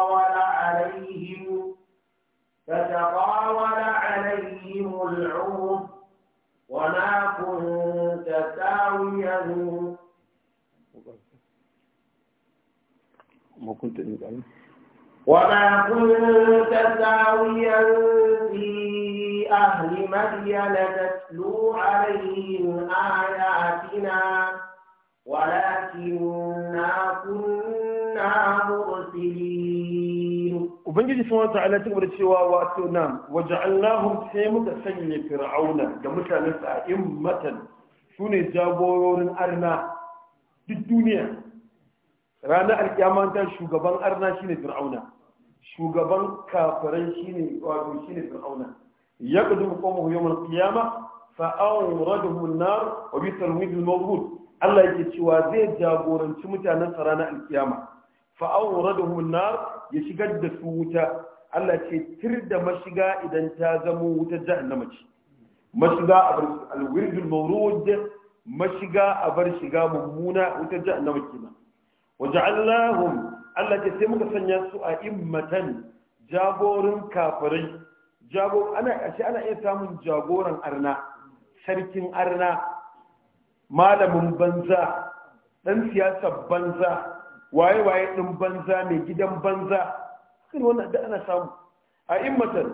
فتطاول عليهم العمر وما كنت ساويا ما كنت وما كنت ساويا في أهل مدين تتلو عليهم آياتنا ولكننا كنا مرسلين ubangiji sun wata ala cikin cewa wato tuna waje allahun sai muka sanya fir'auna da mutanen sa in matan su ne jagororin arna duk duniya ranar alkiyama ta shugaban arna shine fir'auna shugaban kafirai shine wato shine fir'auna ya kudu qawmuhu yawm al-qiyama fa awraduhu an-nar wa bi tarmidil mawrud Allah yake cewa zai jagoranci mutanen sa ranar alkiyama fa'awuradahu nar ya shigar da su wuta Allah ce tir da mashiga idan ta zamo wuta jahannama ce mashiga abar alwirdul mawrud mashiga abar shiga mummuna wuta jahannama wa waja'alnahum Allah ce sai muka sanya su a immatan jagorin kafirai jago ana ashe ana iya samun jagoran arna sarkin arna malamin banza dan siyasa banza waye waye ɗin banza mai gidan banza kan wannan da ana samu a immatan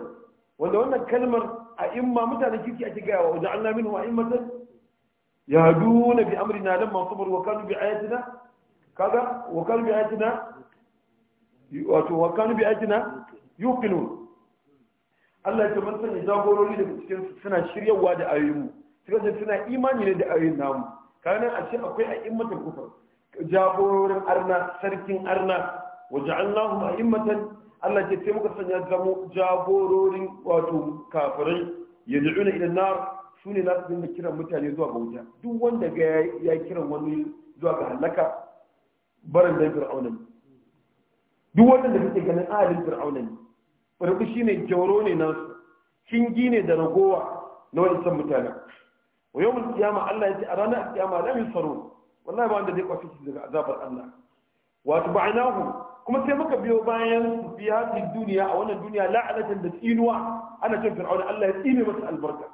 wanda wannan kalmar a imma mutanen kirki ake gaya wa wajen Allah minhu a immatan ya duna bi amrina lamma sabar wa kanu bi ayatina kaga wa kanu bi ayatina wato wa kanu bi ayatina yuqinu Allah ya tabbata ne jagorori daga cikin suna shiryawa da ayoyinmu suka ce suna imani ne da ayoyin namu kana nan a ce akwai a immatan kufar jagororin arna sarkin arna waje allahun a'immatan allah ke ce muka sanya zamo jagororin wato kafirai ya da'una idan na su ne nasu dinga kiran mutane zuwa ga wuta duk wanda ga ya kiran wani zuwa ga halaka barin da fir'auna ne duk wanda da kake ganin ahalin fir'auna ne farko shine jauro ne na kingi ne da ragowa na wani san mutane wa yawmul qiyama allah ya ce a ranar mu lam yusaru wallahi ba wanda zai kwafi shi daga azabar Allah wato ba'inahu kuma sai muka biyo bayan su fi hadin duniya a wannan duniya la'anatan da tsinuwa ana cewa fir'auna Allah ya tsine masa albarka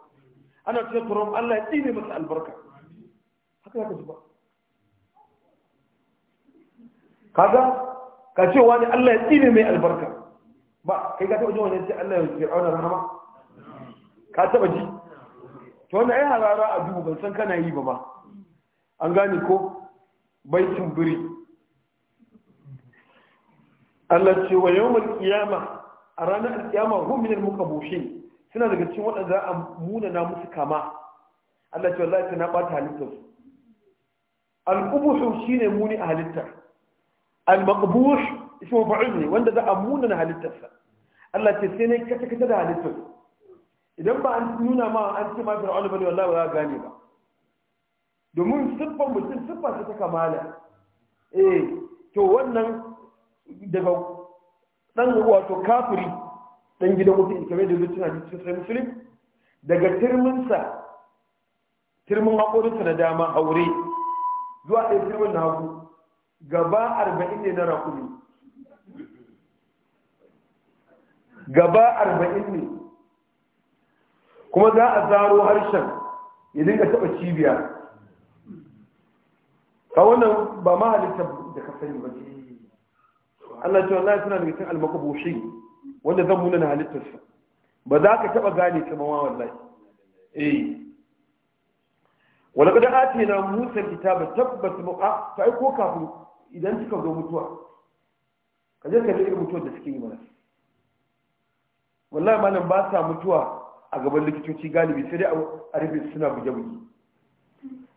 ana cewa turam Allah ya tsine masa albarka haka ya kasu ba kaga ka ce wani Allah ya tsine mai albarka ba kai ka taɓa jin wani sai Allah ya fir'auna rahama ka taɓa ji to wannan ai harara a dubu ban san kana yi ba ba an gane ko baitin biri Allah ce wa yawmal qiyama a ranar qiyama hum muka bushe suna daga cikin waɗanda za a muna na musu kama Allah ce wallahi sai na bata halittar su al-qubushu shine muni a halittar al-maqbush ismu fa'il ne wanda za a muna na halittarsa Allah ce sai ne kace kace da halittar idan ba an nuna ma an ce ma fir'auna bane wallahi ba za gane ba domin siffar mutum siffar ce ta kamala eh to wannan daga dan wato kafiri dan gidan mutum mai da zuci na cikin sai musulmi daga turminsa, turmin haƙorinsa na dama aure, zuwa ɗaya turmin na hagu gaba arba'in ne na rakuni gaba arba'in ne kuma za a zaro harshen ya dinga taɓa cibiya ka wannan ba ma halitta da ka sani ba Allah ce wallahi suna da cikin almakabushi wanda zan muna na halittarsa ba za ka taba gane ta ma wallahi eh wala kada na musa kitaba tabbas mu a ah, sai ko kafin idan suka zo mutuwa ka je ka ji irin mutuwar da suke yi mana wallahi malam ba sa mutuwa a gaban likitoci galibi sai dai a rufe suna buge-buge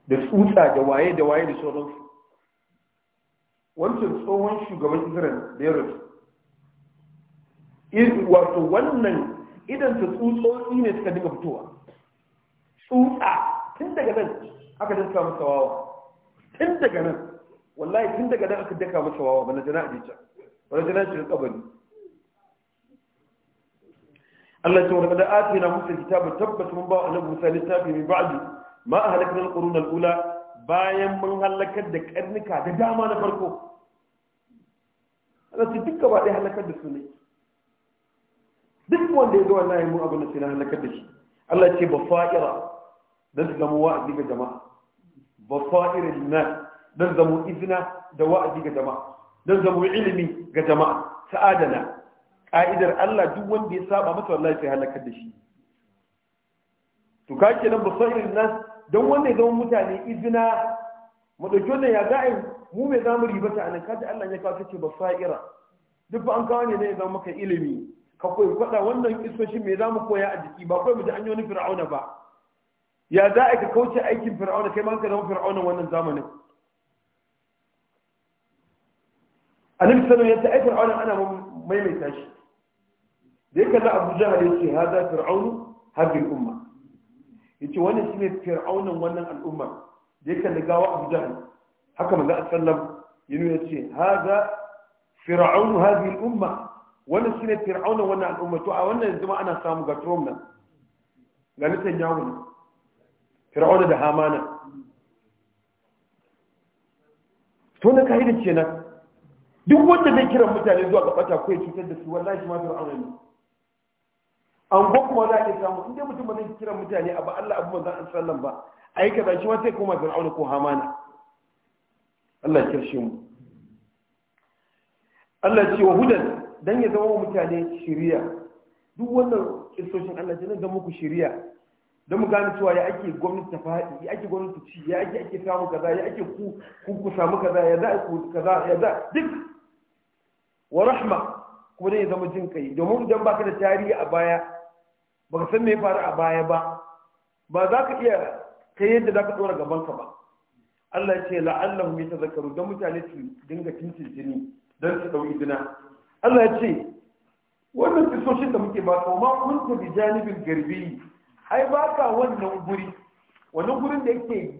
da tsutsa da waye da waye da sauransu wancan tsohon shugaban israel beirut wato wannan idan ta tsutsotsi ne suka dinga fitowa tsutsa tun daga nan aka dinka masa wawa tun daga nan wallahi tun daga nan aka daka masa wawa bana jana a jijiya bana jana shi kabari Allah ya ce wa laqad atina Musa kitaba tabbas mun ba annabi Musa littafi min ba'di ma a halakar alƙurun al'ula bayan mun halakar da karnuka da dama na farko alasu duk gaba ɗaya halakar da su ne duk wanda ya zo wannan yin mun abin da sai na halakar da shi Allah ce ba fa'ira don su zama wa'azi ga jama'a ba fa'ira lina don zama izina da wa'azi ga jama'a don zama ilimi ga jama'a sa'adana ka'idar Allah duk wanda ya saba masa wallahi sai halakar da shi to kake nan ba basairin nas don wanda ya zama mutane izina madauki wannan ya ga'in mu me za mu ribata a nan kaji Allah ya kawo ce ba fa'ira duk ba an kawo ne ne ya zama maka ilimi ka koyi faɗa wannan isoshin me za mu koya a jiki ba kawai mu ji an yi wani fir'auna ba ya za a ka kauce aikin fir'auna kai ma ka zama fir'auna wannan zamanin annabi sallallahu alaihi wasallam ya ce ai fir'auna ana maimaita shi da yake da Abu Jahal ya ce hada fir'aunu hadhihi umma. yace wannan shine fir'aunan wannan al'umma da yake da gawa Abu Jahl haka manzo sallam ya yace haza fir'aun hadhihi al'umma wannan shine fir'aunan wannan al'umma to a wannan yanzu ma ana samu ga Trump nan ga yawo ne fir'auna da Hamana to na kai da kenan duk wanda zai kira mutane zuwa ga bata ko ya cutar da su wallahi ma fir'auna ne an ko kuma za a iya samu inda mutum ba zai kira mutane abu Allah abu manzan sallan ba a yi kaza shi ma sai koma fir'auna ko hamana Allah ya kirshe mu Allah ya ce wa hudan dan ya zama mutane shiriya duk wannan kisoshin Allah ya zama muku shiriya don mu gane cewa ya ake gwamnati ta faɗi ya ake gwamnati ci ya ake ake samu kaza ya ake ku ku samu kaza ya za ku kaza ya za duk wa rahma kuma dai ya zama jin kai domin idan baka da tarihi a baya baka san me ya faru a baya ba ba za ka iya kai yadda za ka tsora ka ba Allah ya ce la'allahu mai tazakaru don mutane su dinga cincin jini don su ɗau izina Allah ya ce wannan kisoshin da muke ba ka ma ta bi janibin garbi ai ba ka wannan guri wannan gurin da yake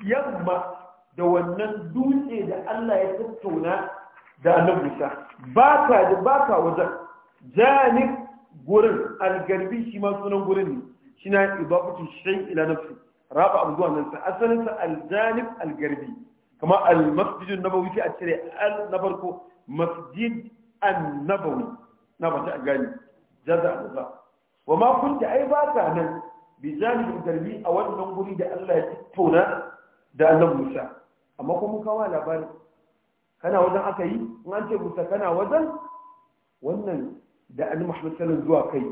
yamma da wannan dutse da Allah ya tattauna da annabi Musa ba ka ba ka wajen janib gurin algarbi shi ma sunan gurin ne shi na ibabatu shay ila nafsi raba abu zuwa nan sa asalin sa aljanib algarbi kama almasjid nabawi sai a cire al na farko masjid an nabawi na ba ta gani jaza Allah wa ma kunta ai ba ka nan bi janib algarbi a wannan guri da Allah ya tattauna da annabi Musa amma kuma kawo labarin kana wajen aka yi in an ce musa kana wajen wannan da annabi Muhammad sallallahu zuwa kai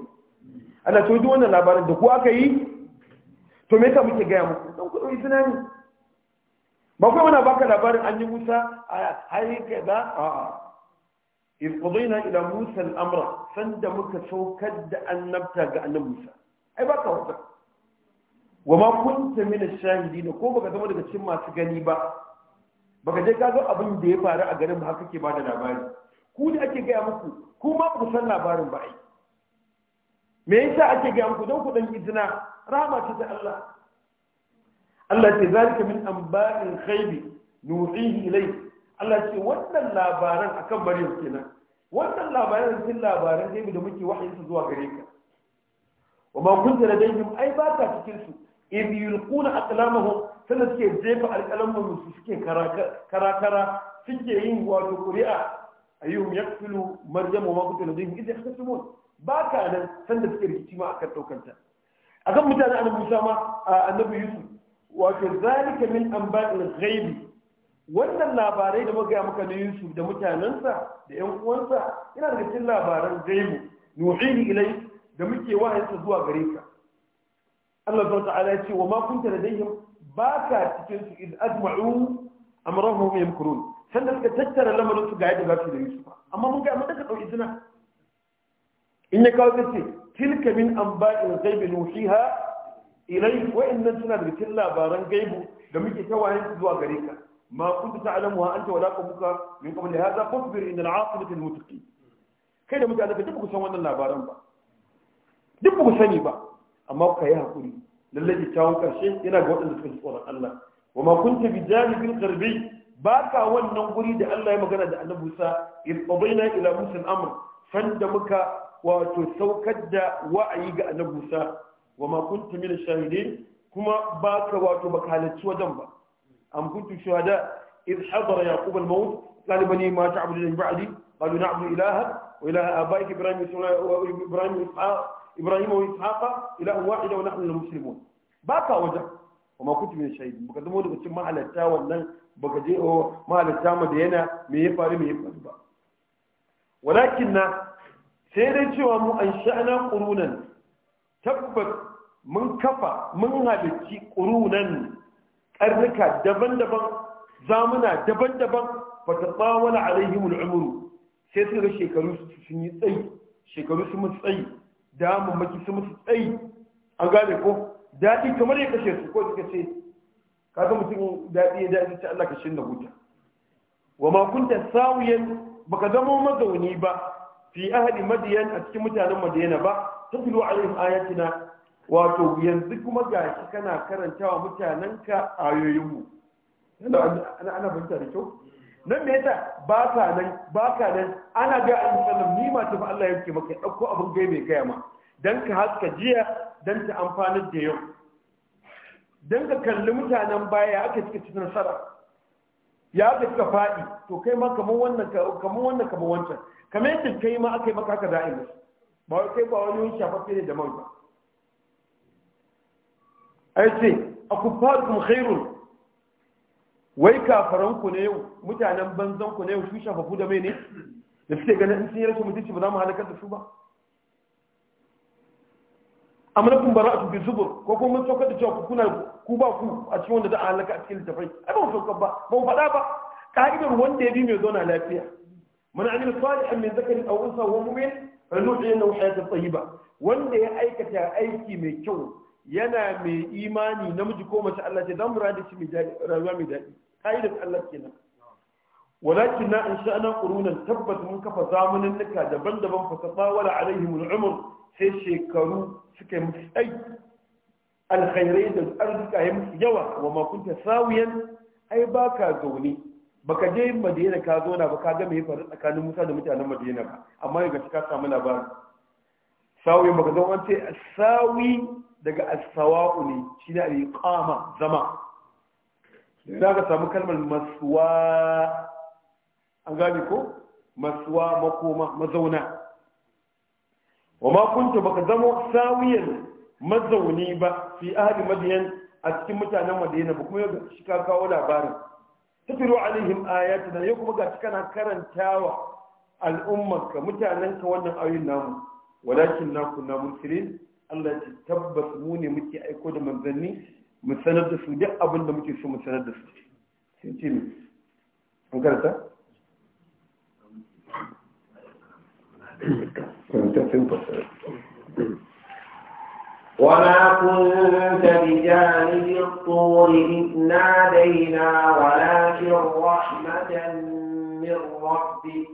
ana to duk wannan labarin da ku aka yi to me yasa muke ga mu dan ku dauki tunani ba kai wani baka labarin an yi Musa a kai kaza a a qadayna ila Musa al-amra sanda muka saukar da annabta ga annabi Musa ai baka wata wa ma kunta min ash-shahidin ko baka zama daga cikin masu gani ba baka je ka ga abin da ya faru a garin ba haka ke bada labari ku da ake gaya muku ku ma ku san labarin ba ai me yasa ake gaya muku don ku dan izina rahama ce ta Allah Allah ce zalika min anba'il ghaibi nuhihi ilayk Allah ce wannan labaran akan Maryam kenan wannan labaran sun labaran gaibi da muke wahayin su zuwa gare ka wa ma kunta ladayhim ai ba ka cikin su in yulquna aqlamahum sannan suke jefa alqalamun su suke karakara suke yin wato ƙuri'a ayyuhum yaqtulu maryamu ma kuntu ladayhim idh yahtasimun ba ka nan san da suke rikici ma akan daukanta akan mutane annabi Musa ma annabi Yusuf wa kadhalika min anba'il ghaibi wannan labarai da muka maka na Yusuf da mutanensa da ƴan uwansa yana daga cikin labaran gaibu nuhini ilai da muke wahayinsa zuwa gare ka Allah subhanahu ta'ala ya ce wa ma kunta ladayhim baka cikin su id ajma'u amrahum yamkurun da suka tattara lamarin su ga yadda za su da Yusuf amma mun ga mun daga dauki suna in ya kawo kace tilka min anba'il ghaibi nuhiha ilai wa innan suna da cikin labaran gaibu da muke ta wayan zuwa gare ka ma kuntu ta'lamuha anta wala qabuka min qabl hadha fasbir inna al'aqibata lil muttaqin kai da mutane duk ku san wannan labaran ba duk ku sani ba amma ku yi hakuri Lallai ki tawo karshe yana ga waɗanda suka ji tsoron Allah wa ma kunta bi janibil gharbi ba ka wannan guri da Allah ya magana da annabi Musa in ila Musa sanda muka wato saukar da wa'ayi ga annabi Musa wa ma kuntum min shahidin kuma ba ka wato baka halarci wajen ba am kuntum shuhada إذ حضر يعقوب الموت قال بني ما تعبد من بعدي قالوا Ibrahim إلهك وإله آبائك إبراهيم وإبراهيم وإسحاق إبراهيم وإسحاق إله واحد ونحن المسلمون باكا وجه وما كنت من الشهيد مقدمون قلت ما على wannan. baka je o oh, mahalitta mu da yana me ya faru me ya faru ba walakin na sai dai cewa mu an sha'ana qurunan tabbat mun kafa mun halicci qurunan karnuka daban-daban zamuna daban-daban fa tatawala alaihim al'umru sai su ga shekaru sun yi tsayi shekaru sun mutu tsayi damun maki sun mutu tsayi an gane ko daɗi kamar ya kashe su ko suka ce kaga mutum daɗi ya daɗi ta Allah ka shinna wuta wa ma kunta sawiyan baka zama mazauni ba fi ahli madiyan a cikin mutanen madiyana ba tatlu alaihim ayatina wato yanzu kuma gashi kana karantawa mutanenka ayoyinmu yana ana ana fahimta da kyau nan me yasa ba ka nan ba ka nan ana ga an sallam ni ma tafi Allah yake maka dauko abin gai mai gaya ma dan ka haska jiya dan ta amfana da yau don ka kalli mutanen baya aka cika cikin nasara ya aka cika faɗi to kai ma kamar wannan kamar wannan kamar wancan kamar yadda kai ma aka yi maka haka za'a yi ba wai kai ba wani wani shafaffe ne da man ba ai ce a ku kuma khairun wai kafaranku ne yau mutanen banzanku ne yau su shafafu da mai ne da suke ganin in sun yi rashin mutunci ba za mu halakar da su ba amma na kun bara a bi zubur ko kuma mun saukar da cewa ku kuna ku ba ku a cikin wanda za a halaka a cikin littafai ai ba mu saukar ba ba mu faɗa ba ka'idar wanda ya bi mai zauna lafiya من عمل صالحا من ذكر او انثى وهو wuce فلنحيينه حياه ba. wanda ya aikata aiki mai kyau yana mai imani namiji ko mace Allah ce zamu rada shi mai rayuwa mai daɗi ka'idar Allah kenan walakin na in sha'ana ƙurunan tabbas mun kafa zamaninnika daban-daban fa tasawala alaihim al'umr sai shekaru suka musu ai alkhairai da arzika ya musu yawa wa ma kunta sawiyan ai baka zaune baka je madina ka zauna ba ka ga me faru tsakanin musa da mutanen madina ba amma ga ka samu labarin sawi baka zama an ce sawi daga as ne shine al-iqama zama idan ka samu kalmar maswa an gane ko masuwa makoma mazauna wa ma kuntu baka zama sawiyan mazauni ba fi ahli madiyan a cikin mutanen madina ba kuma yau shi ka kawo labarin tafiru alaihim ayatuna yau kuma gashi kana karantawa al'ummarka mutanenka wannan ayoyin namu walakin na kunna mursilin Allah ya tabbas mu ne muke aiko da manzanni mu sanar da su duk abin da muke so mu sanar da su sai ce mu an karanta وما كنت بجانب الطور إذ نادينا ولكن رحمة من ربك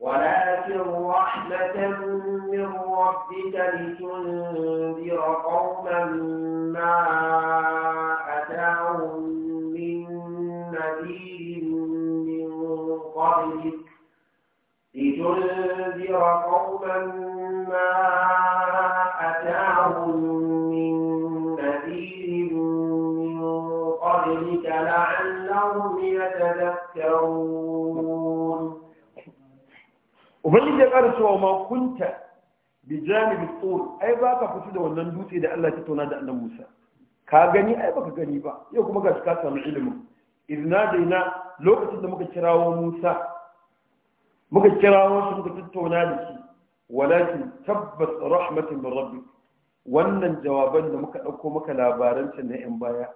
ولكن رحمة من ربك لتنذر قوما ما أتاهم من نذير من قبلك لتنذر قوما ما أتاهم من نذير من قبلك لعلهم يتذكرون Ubangiji ya ƙara cewa ma kunta bi janibi tsoro ai ba ka fito da wannan dutse da Allah ya tattauna da annabi Musa ka gani ai baka gani ba yau kuma gashi ka samu ilimin idna ina lokacin da muka kirawo Musa muka kira wasu muka tattauna da shi walakin tabbas rahmatin min rabbik wannan jawaban da muka dauko maka labaran na yan baya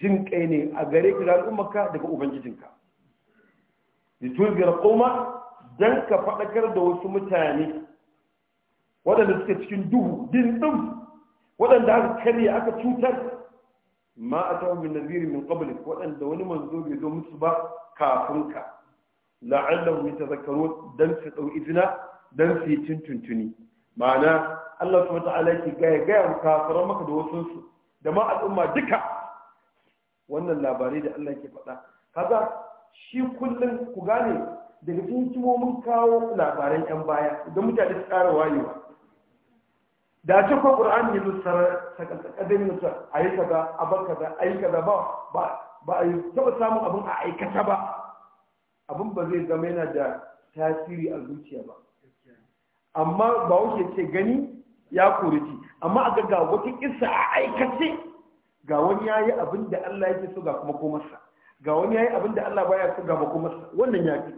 jin kai ne a gare ka ga al'ummarka daga ubangijinka litulgar qoma dan ka fadakar da wasu mutane waɗanda suke cikin duhu din din waɗanda aka karya aka cutar ma a min bin min ƙabalik waɗanda wani manzo bai zo musu ba kafin ka la'allahu yatazakkarun dan su dau izina dan su yi tuntuntuni ma'ana Allah subhanahu wataala yake gaya ga mu maka da wasu su da ma al'umma duka wannan labarai da Allah ke faɗa kaza shi kullum ku gane daga cikin mun kawo labaran yan baya idan mutane su ƙara wayewa da ce ko qur'ani ya lusara sakakadin mutu ayi kaza abaka da ayi kaza ba ba ba a taɓa samun abin a aikata ba abin ba zai zama yana da tasiri a zuciya ba amma ba wuce ce gani ya kori ji amma a ga wata kisa a aikace ga wani yayi abin da Allah yake so ga kuma komarsa ga wani yayi abin da Allah baya so ga makomarsa wannan ya fi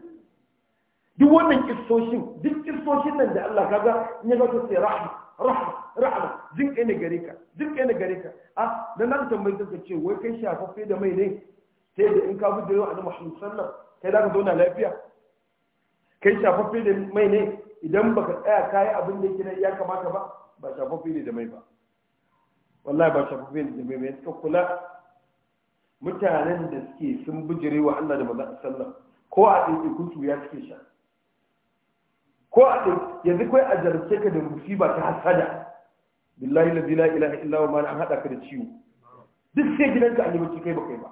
duk wannan kisoshin duk kisoshin nan da Allah kaga in ya ga to sai rahma rahma rahma jin kai ne gare ka jin kai ne gare ka a dan nan tambayi ka ce wai kai shafaffe da mai ne sai da in ka bi da yau annabi Muhammad sallallahu kai za ka zauna lafiya kai shafaffe da mai ne idan baka tsaya kayi abin da yake ya kamata ba ba shafaffe ne da mai ba wallahi ba shafaffe ne da mai ba suka kula mutanen da suke sun bijire wa Allah da maza sallam ko a ɗaiɗaikun su ya suke sha ko a yanzu kai a jarabce ka da musiba ta hasada billahi la ilaha illa huwa mana an hada ka da ciwo duk sai gidanka an yi kai ba kai ba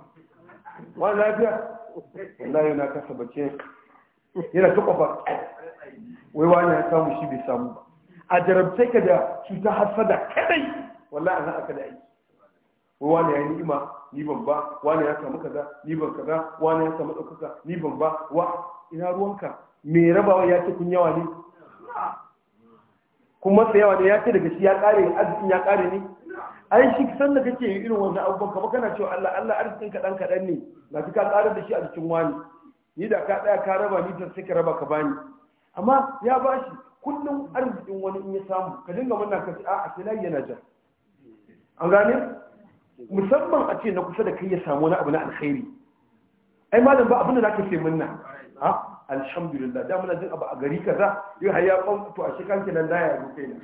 wani lafiya wallahi na kasa bace yana ta kofa wai wani ya samu shi bai samu ba a jarabce ka da cuta hasada kadai wallahi an aka da aiki wai wani ya yi ni'ima ni ban ba wani ya samu kaza ni ban kaza wani ya samu ɗaukaka ni ban ba wa ina ruwanka me rabawa ya ce kun yawa ne kuma yawa ne ya ce daga shi ya ƙare arzikin ya ƙare ne ai shi san da kake irin wannan abubuwan kamar kana cewa Allah Allah arzikin ka dan kadan ne ga ka karar da shi a cikin wani ni da ka daya ka raba ni da sai ka raba ka bani amma ya bashi kullum arzikin wani in ya samu ka dinga murna ka ce a a sai yana ja an gane musamman a ce na kusa da kai ya samu wani abu na alkhairi ai malam ba abin da zaka ce munna ha alhamdulillah da muna jin abu a gari kaza yau har ya to a shekan kenan da ya zo na.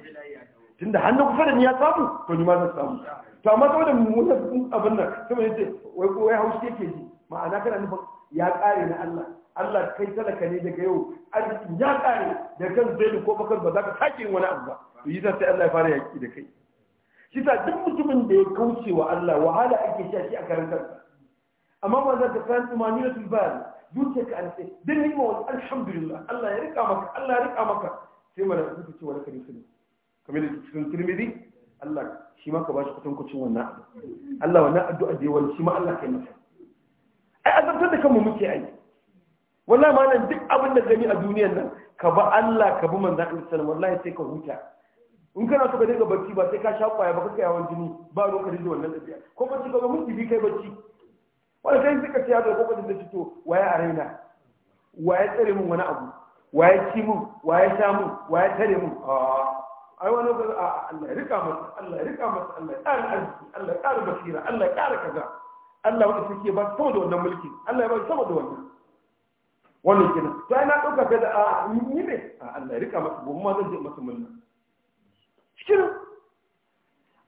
tunda hannu kusa da ni ya samu to ni ma zan samu to amma saboda mummunan abin nan saboda yadda wai ko wai haushi yake ji ma'ana kana nufin ya kare na Allah Allah kai talaka ne daga yau arzikin ya kare da kan zai ko bakar ba za ka sake wani abu ba to yi sai Allah ya fara yaƙi da kai shi sa duk mutumin da ya kauce wa Allah wahala ake sha shi a karantar amma ba za ka san tumani na tulbari zuciya ka alƙe dan ni ma alhamdulillah Allah ya rika maka Allah ya rika maka sai malaka suka ce wani laka ne kamar cikin tirmidhi Allah shi ma ka bashi kutankucin wannan abu Allah wannan addu'a da yawan shi ma Allah kai masa ai azabtar da kanmu muke ai wallahi ma nan duk abin da gani a duniyar nan ka ba Allah ka bi manzon Allah sallallahu wallahi sai ka huta in kana so ka dinga barci ba sai ka sha kwaya ba kai yawan jini ba ruwan ka da wannan tafiya ko ba ka ba mun bi kai barci wala kai suka ce ya ga kokarin da fito waye a raina waye tsare mun wani abu waye ci mun waye sha mun waye tare mun a ai wani zai a Allah ya rika masa Allah ya rika masa Allah ya ƙara arziki Allah ya ƙara basira Allah ya ƙara kaza Allah wanda suke ba sama da wannan mulki Allah ya ba sama da wannan wannan kenan to ai na dauka kada a yi ne a Allah ya rika masa gobe ma zan je masa mulki cikin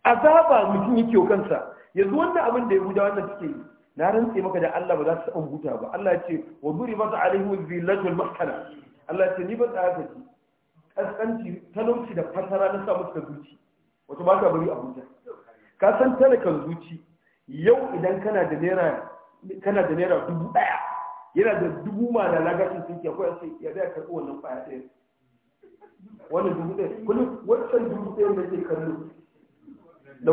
azaba mutum yake kansa yanzu wannan abin da ya guda wannan suke yi na rantse maka da Allah ba za su san huta ba Allah ya ce wa duri mata alaihi zillatul maskana Allah ya ce ni ban tsaya ka ji kaskanci talauci da fatara na sa ta zuci wato ba ka bari abuja ka san talakan zuci yau idan kana da naira kana da naira dubu daya yana da dubu ma da lagashin sun ke ya sai ya zai karɓi wannan ɓaya ɗaya wannan dubu ɗaya kullum wancan dubu ɗaya da ke kallo da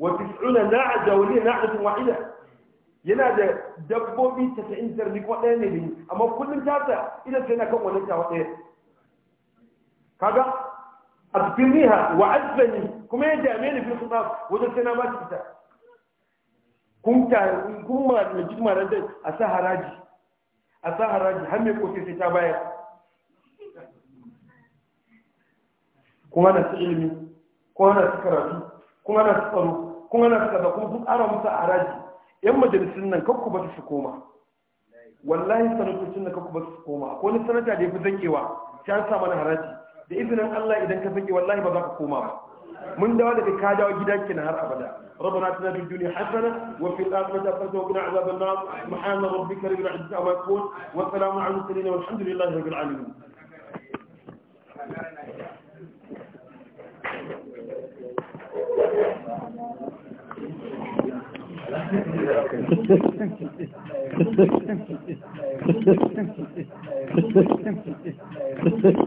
wata tsuna na a jawali na a wa'ida yana da dabbobi intar ni kuma ɗaya ne amma kullum tata ina sai na kan wannan tawa ɗaya kaga abtirniha wa azzani kuma ya dame ni fil khitab wajen sai na ba shi fita. kun ta kun ma da jima nan dai a sa haraji a sa haraji har me koke sai ta bayar kuma na su ilimi kuma na su karatu kuma na su tsaro kuma na su kaza kuma sun ara musu haraji yan majalisun nan kakku ba su koma wallahi sanatocin nan kakku ba su koma Akwai wani sanata da ya fi zankewa sai an sa mana haraji da izinin Allah idan ka saki wallahi ba za ka koma ba mun dawo da ka dawo gidanki na har abada ربنا اتنا في الدنيا حسنه وفي الاخره حسنه وقنا عذاب النار سبحان ربك رب العزه عما يقول والسلام على المرسلين والحمد لله رب العالمين Thank you.